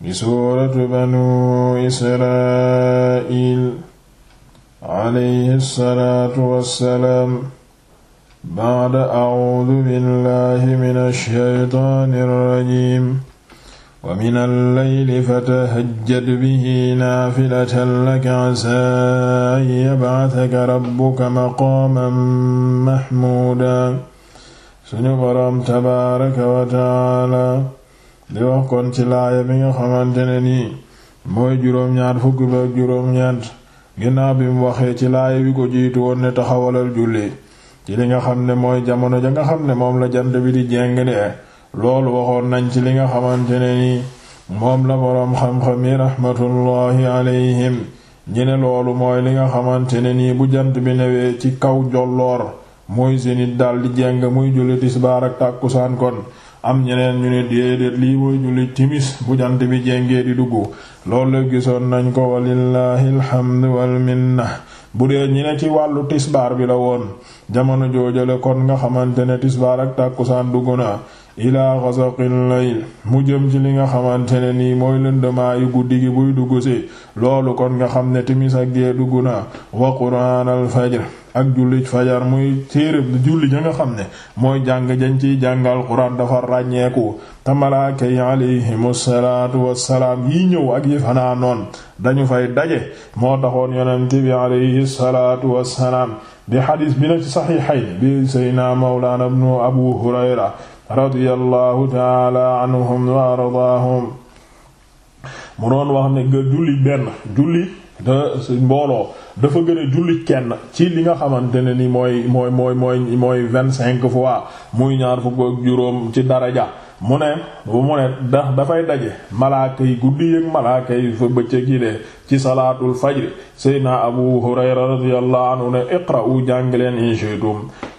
bi suuratu banu israil alayhi salaatu wassalaam ba'da a'uudu billahi mina shaytaani rajiim wa mina layli fatahajjad bihi naafilatan laka asaa an yab'athaka rabbuka maqaaman mahmuuda suñu boroom tabaaraka wa ta'aala di wax kon ci laaya bi nga xamante ne nii mooy juróom-ñaar fukki ba ak juróom-ñeent ginnaaw bi mu waxee ci laaya wi ko jiitu woon ne taxawalal julli ci li nga xam ne mooy jamono ja nga xam ne moom la jant bi di jeng de loolu waxoon nañ ci li nga xamante ne nii moom la boroom xam-xam yi raxmatullaahi alayhim ñi ne loolu mooy li nga xamante ne nii bu jant bi newee ci kaw jolloor muy zénith daldi jeng muy julli tisbaar ak tàkkusaan kon am ñeneen ñu ne déedéet lii mooy julli timis bu jant bi jéngee di dugg loolu gisoon nañ ko walillahi alhamdu wal minna bu dee ñi ne ci wàllu tisbaar bi la woon jamono joojale kon nga xamante ne tisbaar ak tàkkusaan dugg na ilaa xasaqil layl mu jëm ci li nga xamante ne nii mooy lëndëmaayu guddi gi buy dugg si loolu kon nga xam ne timis ak gee dugg naa wa quraan al fajr ak julli fajar muy téere julli ña nga xam ne mooy jàng jañ ciy jàngal quran dafa ràññeeku te malaaka yi alayhimu salaatu yi ñëw ak yi fanaa dañu fay daje moo taxoon yonent bi alayhi salaatu wassalaam di xadis bi na ci saxiixayn bi sayna mawlaana ibnu abu hurayra radiyallahu taala anhum wa ardaahum mu doon wax ne nga julli benn julli te mbooloo dafa gën a jullit kenn ci li nga xamante ne ni mooy mooy mooy mooy mooy vingt-cinq fois muy ñaar fukk juróom ci daraja mu ne bu mu ne dafay daje malaaka yi guddi yëg malaaka yi fa bëccëg yi de ci salaatul fajri seydna abu hurayra radiyallahu ne iqra'u jàng leen in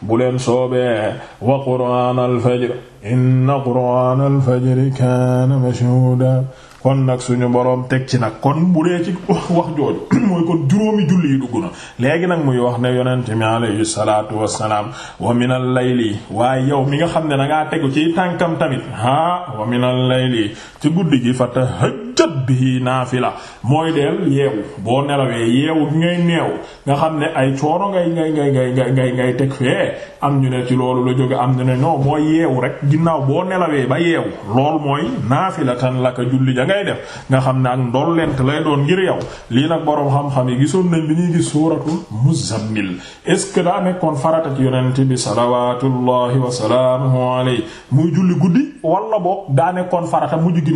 bu leen soobee wa qur'aanal fajri inna qur'aanal fajri kaana mashhuuda kon nag suñu boroom teg ci nag kon bu dee ci wax jooju mooy kon juróomi julli yi dugg na léegi nag muy wax ne yonent mi alayhi salaatu wassalaam wa minal lay lii waaye yow mi nga xam ne dangaa tegu ci tànkam tamit ah wa minal layli ci guddi gi fatahaj tëb bi naafila mooy deel yeewu boo nelawee yeewu gi ngay neew nga xam ne ay coono ngay ngay ngay ngay ngay teg fee am ñu ne ci loolu la jóge am ñu ne ñoo mooy yeewu rek ginnaaw boo nelawee ba yeewu lool mooy naafila tan la ka julli ja ngay def nga xam ne ak ndollent lay doon ngir yow lii nag boroom xam-xam yi gisoon nañ bi ñuy gis suuratul muzammil est-ce que daa nekkoon farata ci yonent bi salawaatullahi wa salaamuhu alayhi muy julli guddi wala boog daa nekkoon fa mujj gi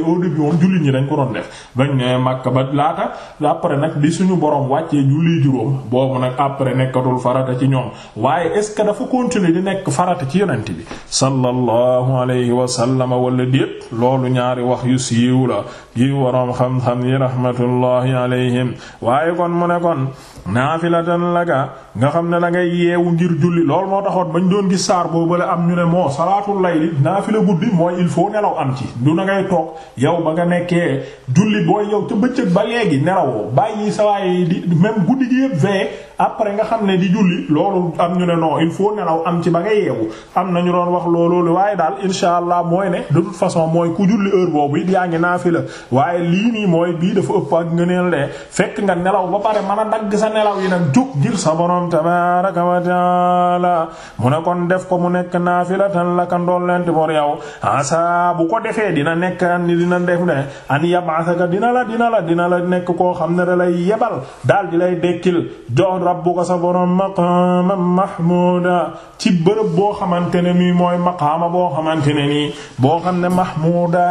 loolu au début woon jullit ñi dañ ko doon def bañ ne Makka ba laata après nag bi suñu boroom wàccee julli juróom boobu nag après nekkatul farata ci ñoom waaye est ce que dafa continuer di nekk farata ci yonent bi sallallahu alayhi wa sallam wala déet loolu ñaari wax yu siiw la gi waroom xam-xam yi rahmatullahi alayhim waaye kon mu ne kon naafilatan laka nga xam ne da ngay yeewu ngir julli loolu moo taxoon bañ doon gis saar boobu la am ñu ne moo salaatul layli naafila guddi mooy il faut nelaw am ci du na ngay toog yow ba nga nekkee julli booy yow ca bëccëg ba léegi nelawoo bàyyi sa waaye di même guddi gi yëpp veillé après nga xam ne di julli loolu am ñu ne noo il faut nelaw am ci ba nga yeewu am na ñu doon wax loolu waaye daal insha allah mooy ne de toute façon mooy ku julli heure boobu it yaa ngi naafila waaye lii nii mooy bii dafa ëpp ak ngëneel de fekk nga nelaw ba pare mën a dagg sa nelaw yi nag jóg ngir sa borom tabaaraka wa taala mu ne kon def ko mu nekk naafila tan la ka ndolleenti bor yow asa bu ko defee dina nekk an dina def ne an yab'athaka dina la dina la dina la nekk koo xam ne da lay daal di lay dekkil jox rabbuka sa borom maqaama mahmuuda ci bërëb boo xamante ne nii mooy maqama boo xamante ne boo xam ne mahmuuda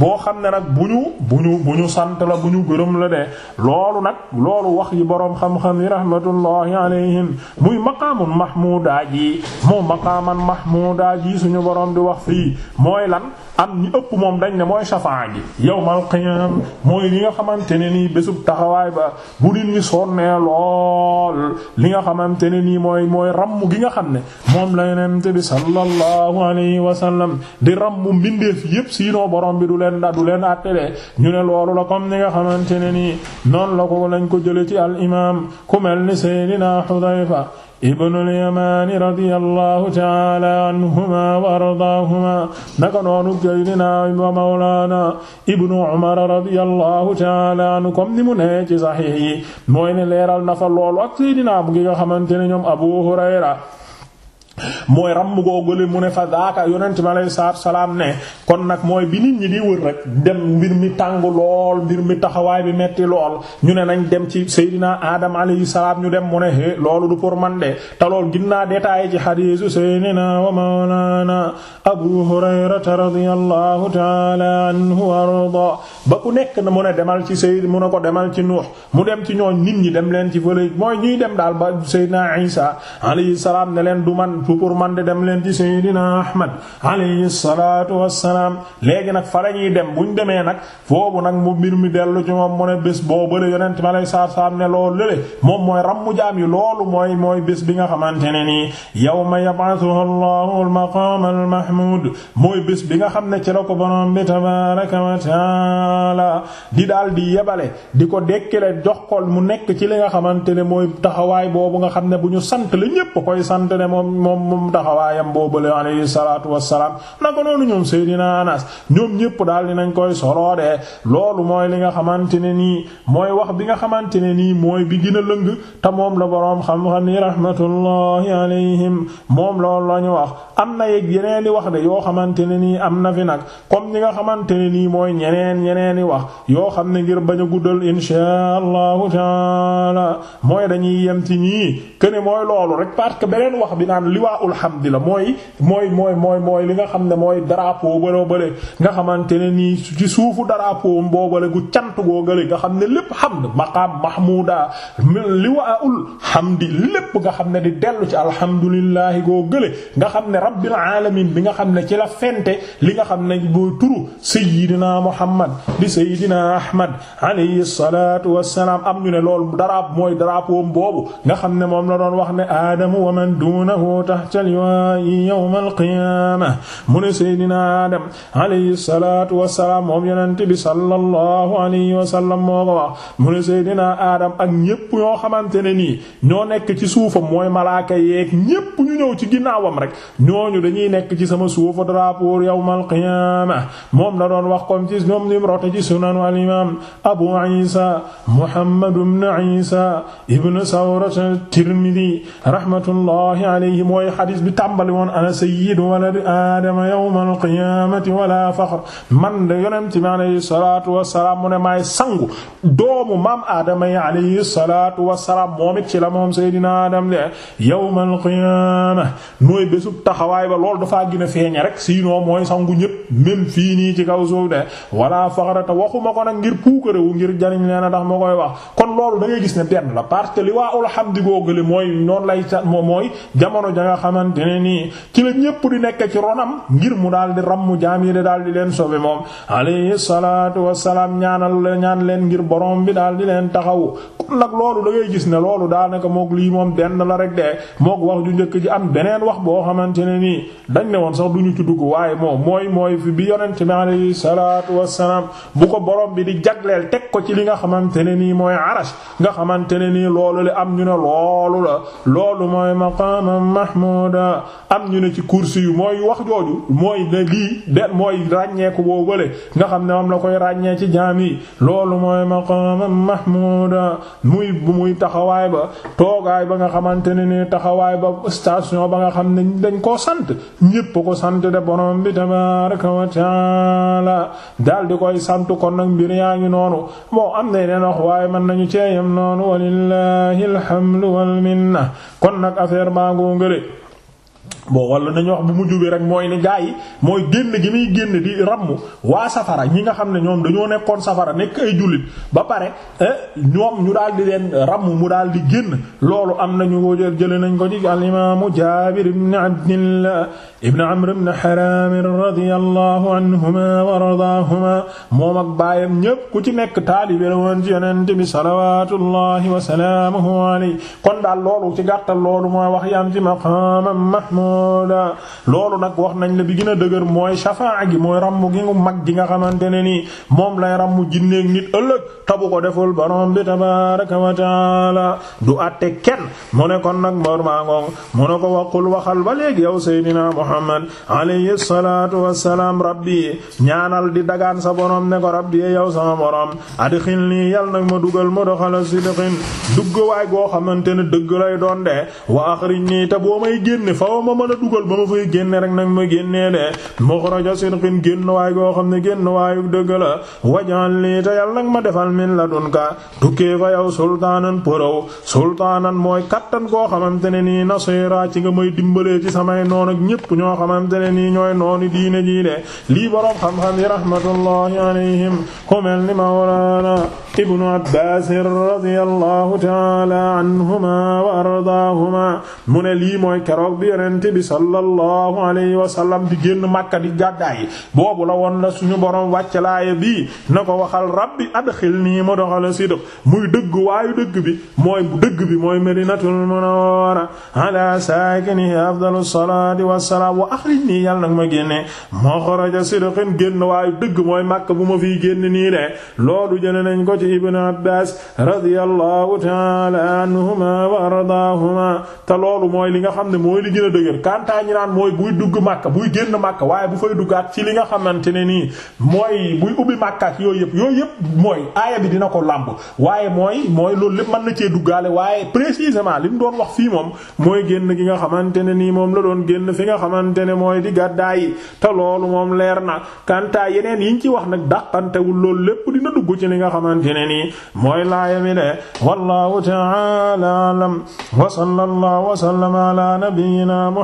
boo xam ne nag bu ñu bu ñu bu ñu sant la bu ñu gërëm la de loolu nag loolu wax yi boroom xam-xam yi rahmatullahi alayhim muy maqaamun mahmuuda ji moo maqaaman mahmuuda ji suñu borom di wax fii mooy lan am ñi ëpp moom dañ ne mooy safaan gi yawmal qiyaam mooy li nga xamante ne nii bésub taxawaay ba bu nit ñi sonnee lool li nga xamante ne nii mooy mooy ramm gi nga xam ne moom la yonent bi sallallahu alayhi wa sallam di rammu mbindeef si siinoo borom bi du leen da du leen àttale ñu ne loolu la comme ni nga xamante ne nii noonu la ko lañ ko jële ci al imaam ku mel ni Seydina Hudayfa ibnul yamaani radiyallahu taala anhuma wa ardaahuma naka noonu gaydinaa wa mawlaana ibnu umar radiyallahu taala anhu comme ni mu nee ci saxiix yi mooy ne leeral na fa loolu ak seydinaa mu ngi nga xamante ne ñoom abu hurayra mooy ramm googule mu ne fa daaka yonent bi alayhi salaam ne kon nag mooy bi nit ñi dem mbir mi tàng lool mbir mi taxawaay bi metti lool ñu ne dem ci Seydina Adam alayhi salaam ñu dem mu ne hé loolu du pour man de te lool ginnaa détaillé ci xadiisu Seydina wa mawlaana Abu Hurayrata radiyallahu taala anhu arda ba ku nekk na mu ne demal ci Seyd mu ne ko demal ci Nuux mu dem ci ñooñ nit ñi dem leen ci fële mooy ñuy dem daal ba Seydina Isa alayhi salaam ne leen du man anhu pour man de dem leen ci Seydina Ahmad alayhi salaatu wassalaam léegi nag fa la ñuy dem buñ demee nag foofu nag mu mbir mi dellu ci moom mu ne bés boo bële ma lay saar saar ne loolu lële mooy rammu jaam yi mooy mooy bés bi nga xamante ne nii yawma yab'athuhu Allahu al-maqaam al-mahmuud mooy bés bi nga xam ne ci la ko borom bi tabaaraka wa taala di daal di yebale di ko dekkile jox ko mu nekk ci li nga xamante ne mooy taxawaay boobu nga xam ne bu ñu sant la koy sant ne moom moom moom taxawaayam boobale alayhi salaatu wassalaam naka noonu ñoom Seydina Anas ñoom ñépp daal dinañ koy soloo loolu mooy li nga xamante ne nii mooy wax bi nga xamante ne nii mooy bi gën a lëng te moom la boroom xam-xam yi rahmatullahi alayhim moom loolu la ñu wax am na yeg yeneen di wax de yoo xamante ne nii am na fi nag comme ñi nga xamante ne nii mooy ñeneen ñeneen di wax yoo xam ne ngir bañ a guddal insha allahu mooy dañuy yem ci ñii kene mooy loolu rek parce que beneen liwaul hamdi la mooy mooy mooy li nga xam ne mooy drapeau bëroo bële nga xamante ne nii ci suufu drapeau boobale gu cant googale nga xam ne lépp xam maqaam mahmuda liwaul hamdi lépp nga xam ne di dellu ci alhamdulillahi googale nga xam ne rabbil alamin bi nga xam ne ci la fente li nga xam ne booy turu sayyidina muhammad di sayyidina ahmad am ñu ne loolu daraab mooy boobu nga xam ne moom la doon wax ne aadamu wa man dunahu tahta al-wa'i yawm al-qiyamah mu ne Seydina Adam alayhi salaatu wassalaam moom yonent bi sallallahu alayhi wa sallam moo ko wax mu ne Adam ak ñépp ñoo xamante ne nii ñoo nekk ci suufam mooy malaaka yeeg ñépp ñu ñëw ci ginnaawam rek ñooñu dañuy nekk ci sama suufa drapeau yawmal qiyaama moom la doon wax comme ci ñoom lim rote ci sunan al imam Abu Isa Muhammad ibn Isa ibn Sawrat Tirmidhi rahmatullahi alayhi mooy xadis bi tàmbali woon ana sayyidu waladi aadama yawmal qiyaamati wala faxr man de yonent bi alayhi salaatu wasalaam mu ne maay sangu doomu maam aadama yi alayhi salaatu wasalaam moom it ci a feeñe rek sinon mooy sangu ñépp même fii ma koy wax kon da ngay gis ne benn la parce que li waa alhamdu googu mooy noonu lay nga xamante ne nii ci la ñépp di nekk ci ronam ngir mu daal di ram mu jaam yi di daal di leen sobe moom alayhi salaatu salaam ñaanal la ñaan leen ngir borom bi daal di leen taxawu kon nag loolu da gis ne loolu daanaka mook lii moom benn la rek de mook wax ju njëkk ji am beneen wax boo xamante ne nii dañ ne woon sax duñu ci dugg waaye moom mooy mooy fi bi yonent bi alayhi salaatu wassalaam bu ko borom bi di jagleel teg ko ci li nga xamante ne nii mooy nga xamante ne nii loolu am mahmuda am ñu ne ci kursi yu mooy wax jooju mooy ne lii de mooy ràññeeku boo bële nga xam ne moom la koy ràññee ci jaam yi loolu mooy maqaamam mahmuda muy muy taxawaay ba toogaay ba nga xamante ne ni taxawaay ba station ba nga xam ne dañ koo sant ñépp ko sant de borom bi tabaraka wa taala daal di koy sant kon nag mbir yaa ngi noonu bon am na yeneen wax waaye mën nañu ceeyam noonu walillahi alhamdu wal kon nag affaire maa ngoo ngële bon wala nañu wax bu mujj bi rek mooy ni gaa yi mooy génn gi muy génn di ramm waa safara ñi nga xam ne ñoom dañoo nekkoon safara nekk ay jullit ba pare eh, ñoom ñu daal di leen ramm mu daal di génn loolu am nañu ko jële nañ ko ci al imaamu jaabir ibn abdillah ibn amr ibn haram radiyallahu anhuma wa radaahuma moom ak baayam ñépp ku ci nekk taalibe la woon ci yonent bi salawatullahi wa wax yam ci maqaamam mahmuud mas'uuda loolu nag wax nañ la bi gën a dëgër mooy shafaa gi mooy ramm gi mag gi nga xamante ne nii moom lay ramm jinneeg nit ëllëg tabu ko deful borom bi tabaaraka wa taala du àtte kenn mu ne kon nag mor maa ngoog mu ne ko waqul waxal ba léegi yow Seydina Muhammad alayhi salaatu wassalaam rabbi ñaanal di dagaan sa borom ne ko rabbi yow sama borom adxilnii yal nag ma dugal ma doxala sidqin dugg waay goo xamante ne dëgg lay doon de wa axrijnii te mën a dugal ba ma fay génne rek nag ma génnee de muxraja sirqin génn waay goo xam ne génn waayu dëgg la wajaan lii te yàlla nag ma defal min ladunka tukkee fa yow sultaanan përaw sultaanan mooy kattan koo xamante ne nii nasira ci nga may dimbalee ci samay noon ak ñépp ñoo xamante ne nii ñooy nooni diine jii de lii boroom xam-xam yi rahmatullahi alayhim ku mel ni mawlaana ibnu abbaas radiyallahu taala anhuma wa ardaahuma mu ne lii mooy keroog bi sallallahu alayhi wa sallam di génn Makka di gàddaay boobu la woon la suñu borom wàcc laaya bii na ko waxal rabbi adxilnii mudxala sidq muy dëgg waayu dëgg bi mooy dëgg bi mooy madinatul munawwara ala saakinihi afdalu salaati wassalaam wa axrijnii yàlla nag ma génne maxraja sidqin génn waayu dëgg mooy Makka bu ma fiy génn nii de loolu jëne nañ ko ci Ibn Abbaas radiyallahu ta'ala anhuma wa ardaahuma te loolu mooy li nga xam ne mooy li gën a dëgër jëm kantaa ñi naan mooy buy dugg màkka buy génn màkka waaye bu fay duggaat ci li nga xamante ne nii mooy buy ubbi màkka ak yooyu yëpp yooyu yëpp mooy aaya bi dina ko làmb waaye mooy mooy loolu lépp mën na cee duggaale waaye précisément li mu doon wax fii moom mooy génn gi nga xamante ne nii moom la doon génn fi nga xamante ne mooy di gàddaayi te loolu moom leer na kantaa yeneen yiñ ci wax nag dàqantewul loolu lépp dina dugg ci li nga xamante ne nii mooy laaya mi de wallahu ta'ala a'lam wa sallallahu wa sallama ala nabiyyina